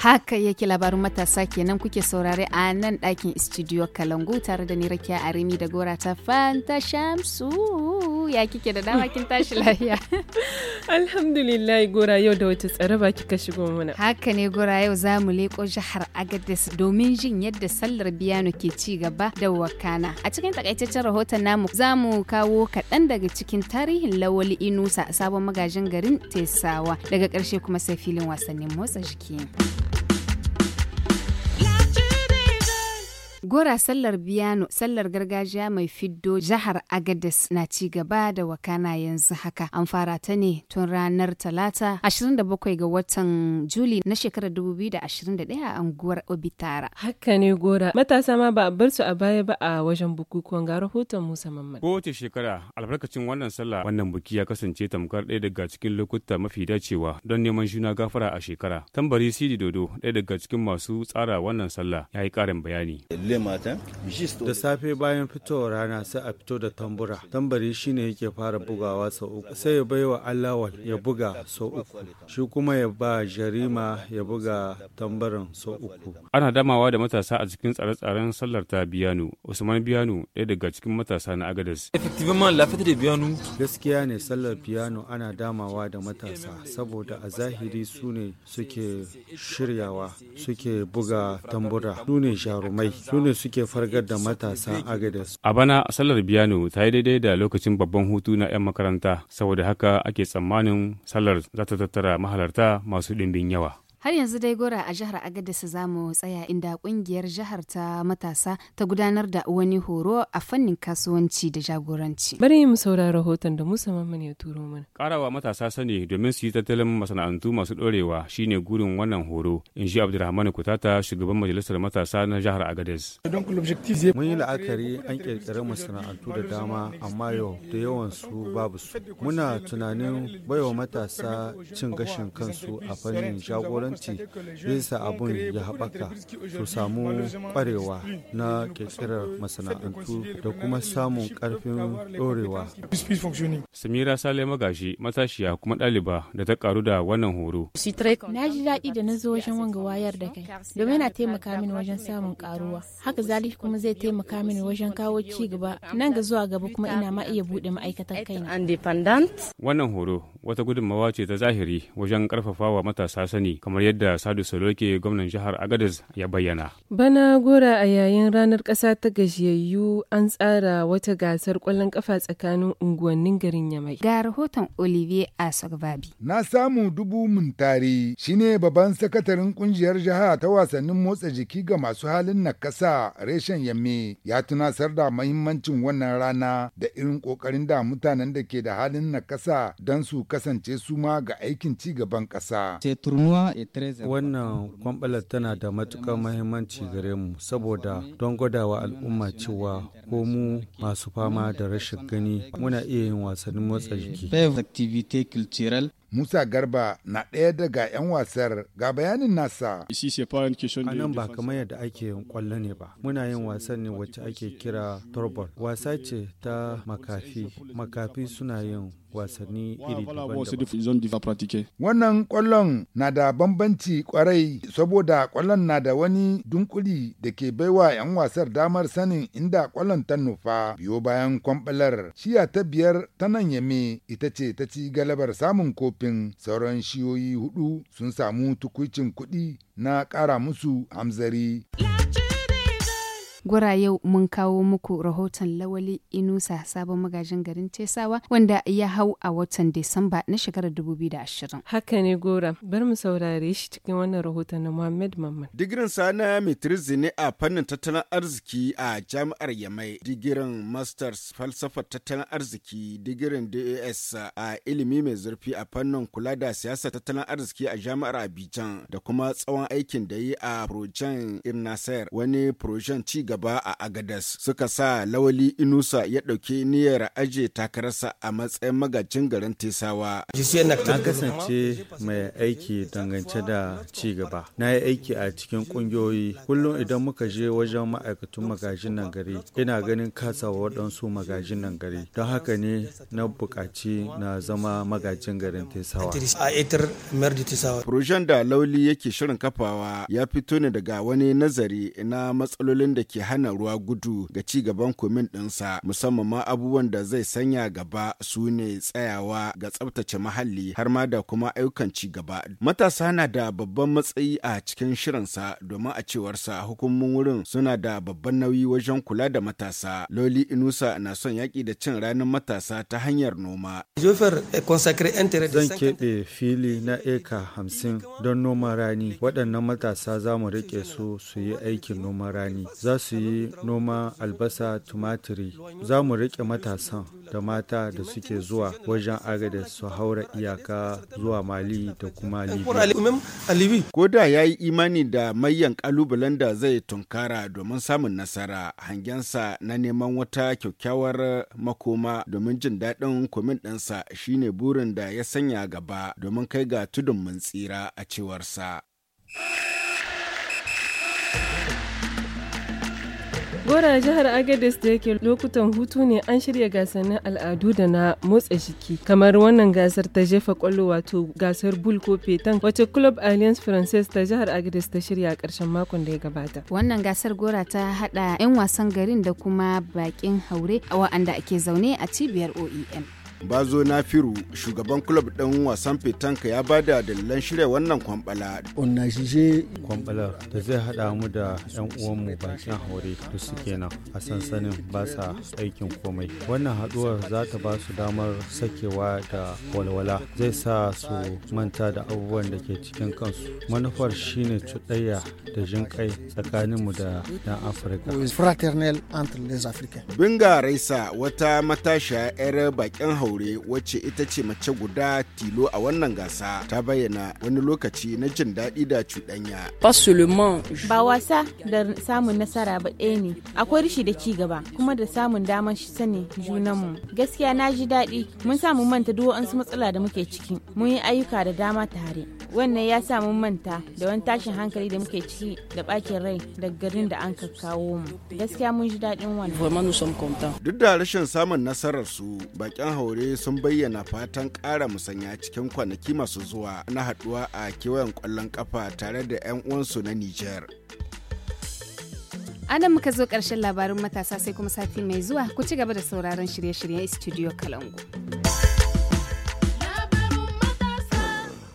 Haka yake labarin matasa kenan kuke saurare a nan ɗakin studio Kalangu tare da ni Rakiya Arimi da Gora ta Fanta Shamsu. Ya kike da dama kin tashi lafiya. Alhamdulillah Gora yau da wata ba kika shigo mana. Haka ne Gora yau za mu leƙo jihar Agadez domin jin yadda sallar biyano ke ci gaba da wakana. A cikin takaitaccen rahoton namu za mu kawo kaɗan daga cikin tarihin Lawali Inusa sabon magajin garin Tesawa daga ƙarshe kuma sai filin wasannin motsa jiki. Gora sallar biyano sallar gargajiya mai fiddo jihar Agadez na ci gaba da wakana yanzu haka. An fara ta ne tun ranar Talata 27 ga watan Juli na shekarar 2021 a unguwar Obitara. Haka ne Gora. Matasa ma ba a bar su a baya ba a wajen bukukuwan ga rahoton Musa Mamman. Kowace shekara albarkacin wannan sallah wannan buki ya kasance tamkar ɗaya daga cikin lokuta mafi dacewa don neman juna gafara a shekara. Tambari Sidi Dodo ɗaya daga cikin masu tsara wannan sallah ya yi ƙarin bayani. Da safe bayan fitowar rana sai a fito da tambura. Tambari shine yake fara bugawa sau uku. Sai ya baiwa Allahwal ya buga sau uku. Shi kuma ya ba Jarima ya buga tambarin sau uku. Ana damawa da matasa a cikin tsare-tsaren sallar ta Biyanu. Usman Biyanu ɗaya daga cikin matasa na Agadez. Gaskiya ne sallar Biyanu ana damawa da matasa saboda a zahiri su ne suke shiryawa suke buga tambura su ne jarumai su ne ne suke fargar da matasa agadas a bana sallar biyano ta yi daidai da lokacin babban hutu na 'yan makaranta saboda haka ake tsammanin sallar za ta tattara mahalarta masu ɗimbin yawa Har yanzu dai gora a jihar Agadez za mu tsaya inda kungiyar jihar ta matasa ta gudanar da wani horo a fannin kasuwanci da jagoranci. Bari mu saurara rahoton da Musa Mamman ya turo mana. Karawa matasa sani domin su yi tattalin masana'antu masu dorewa shine gurin wannan horo. In ji Abdulrahman Kutata shugaban majalisar matasa na jihar Agadez. Mun yi la'akari an kirkira masana'antu da dama amma yau da yawan su babu su. Muna tunanin baiwa matasa cin gashin kansu a fannin jagoranci kasuwanci zai sa abun ya haɓaka su samu ƙwarewa na ƙirƙirar masana'antu da kuma samun ƙarfin ɗorewa. Samira Sale Magashi matashiya kuma ɗaliba da ta ƙaru da wannan horo. Na ji daɗi da na zo wajen wanga wayar da kai domin yana taimaka mini wajen samun ƙaruwa. Haka zalika kuma zai taimaka mini wajen kawo ci gaba nan ga zuwa gaba kuma ina ma iya buɗe ma'aikatan kaina. Wannan horo wata gudunmawa ce ta zahiri wajen ƙarfafawa matasa sani kamar kamar yadda Sadu Soloke gwamnan jihar Agadez ya bayyana. Bana gora a yayin ranar ƙasa ta gajiyayyu an tsara wata gasar ƙwallon ƙafa tsakanin unguwannin garin Yamai. Ga rahoton Olivier Asogbabi. Na samu dubu muntari shine babban sakataren ƙungiyar jiha ta wasannin motsa jiki ga masu halin nakasa reshen Yamme ya tunasar da mahimmancin wannan rana da irin kokarin da mutanen da ke da halin nakasa don su kasance su ma ga aikin ci gaban ƙasa. Wannan kwambalar tana da matuƙar mahimmanci gare mu saboda don gwadawa al'umma cewa ko mu masu fama da rashin gani muna iya yin wasannin motsa eh, jiki. Musa Garba na ɗaya daga 'yan wasar ga bayanin nasa. A nan ba kamar yadda ake kwallo ne ba. Muna yin wasan ne wacce ake kira torbol. Wasa ce ta makafi. Makafi suna yin wasanni iri daban-daban. Wannan kwallon na da bambanci kwarai saboda kwallon na da wani dunkuli da ke baiwa 'yan wasar damar sanin inda kwallon ta nufa biyo bayan kwambalar shiya ta biyar ta nan yame ita ce ta ci galabar samun kofi kafin sauran shiyoyi hudu sun samu tukuicin kuɗi na ƙara musu hamzari. gwara yau mun kawo muku rahoton Lawali Inusa sabon magajin garin Tesawa wanda ya hau a watan Disamba na shekarar 2020. Haka ne gora, bar mu saurare shi cikin wannan rahoton na muhammed Mamman. Digirin sa na ne a fannin tattalin arziki a jami'ar Yamai, digirin masters falsafar tattalin arziki, digirin DAS a ilimi mai zurfi a fannin kula da siyasa tattalin arziki a jami'ar Abidjan da kuma tsawon aikin da yi a Projan Irnaser wani Projan ci gaba gaba a Agadas suka sa Lawali Inusa ya ɗauki niyyar aje takararsa a matsayin magajin garin Tesawa. Na kasance mai aiki dangance da ci gaba. Na yi aiki a cikin ƙungiyoyi. Kullum idan muka je wajen ma'aikatun magajin nan gari, ina ganin kasawa waɗansu magajin nan gari. Don haka ne na buƙaci na zama magajin garin Tesawa. Projen da Lauli yake shirin kafawa ya fito ne daga wani nazari na matsalolin da ke hana ruwa gudu ga ci gaban kumin ɗinsa musamman ma abubuwan da zai sanya gaba su ne tsayawa ga tsabtace muhalli har ma da kuma ayyukan ci gaba. Matasa na da babban matsayi a cikin shirinsa domin a cewarsa hukumomin wurin suna da babban nauyi wajen kula da matasa. Loli Inusa na son yaƙi da cin ranar matasa ta hanyar noma. Eh, Zan keɓe fili na eka hamsin don noman rani waɗannan matasa za mu riƙe su su yi aikin noman rani za su yi yi noma albasa tumatiri za mu riƙe matasan da mata da suke zuwa wajen agada su haura iyaka zuwa mali da kuma libi ko da ya yi imani da mayan kalubalen da zai tunkara domin samun nasara hangensa na neman wata kyakkyawar makoma domin jin daɗin kumin ɗinsa shine burin da ya sanya gaba domin kai ga tudun mun tsira a cewarsa Gora jihar Agadez da yake lokutan hutu ne an shirya gasannin al'adu da na motsa jiki kamar wannan gasar ta jefa kwallo wato gasar bul ko fetan wacce Club Alliance Française ta jihar Agadez ta shirya karshen makon da ya gabata. Wannan gasar gora ta hada 'yan wasan garin da kuma bakin haure a wa'anda ake zaune a cibiyar OEM. bazo nafiru shugaban club ɗin wasan fitanka ya bada dalilan shirya wannan kwambala kwambala da zai haɗa mu da 'yan uwanmu bakin haure da suke nan a sansanin ba sa aikin komai wannan haɗuwar za ta ba su damar sakewa da walwala zai sa su manta da abubuwan da ke cikin kansu manufar shine cuɗayya da jin kai tsakaninmu da dan afirka binga raisa wata matashiya 'yar bakin haure Traore wacce ita ce mace guda tilo a wannan gasa ta bayyana wani lokaci na jin daɗi da cuɗanya. Ba wasa da samun nasara ba ɗaya ne, akwai rishi da ci gaba kuma da samun damar shi sani junanmu. Gaskiya na ji daɗi mun samu manta duk waɗansu matsala da muke ciki, mun yi ayyuka da dama tare. wannan ya sa mun manta da wani tashin hankali da muke ciki da bakin rai da garin da an kawo mu gaskiya mun ji daɗin wannan duk da rashin samun nasarar su bakin haure sun bayyana fatan ƙara musanya cikin kwanaki masu zuwa na haɗuwa a kewayen kwallon kafa tare da 'yan uwansu na Nijar. anan muka zo ƙarshen labarin matasa sai kuma sati mai zuwa ku ci gaba da sauraron shirye-shiryen studio kalangu.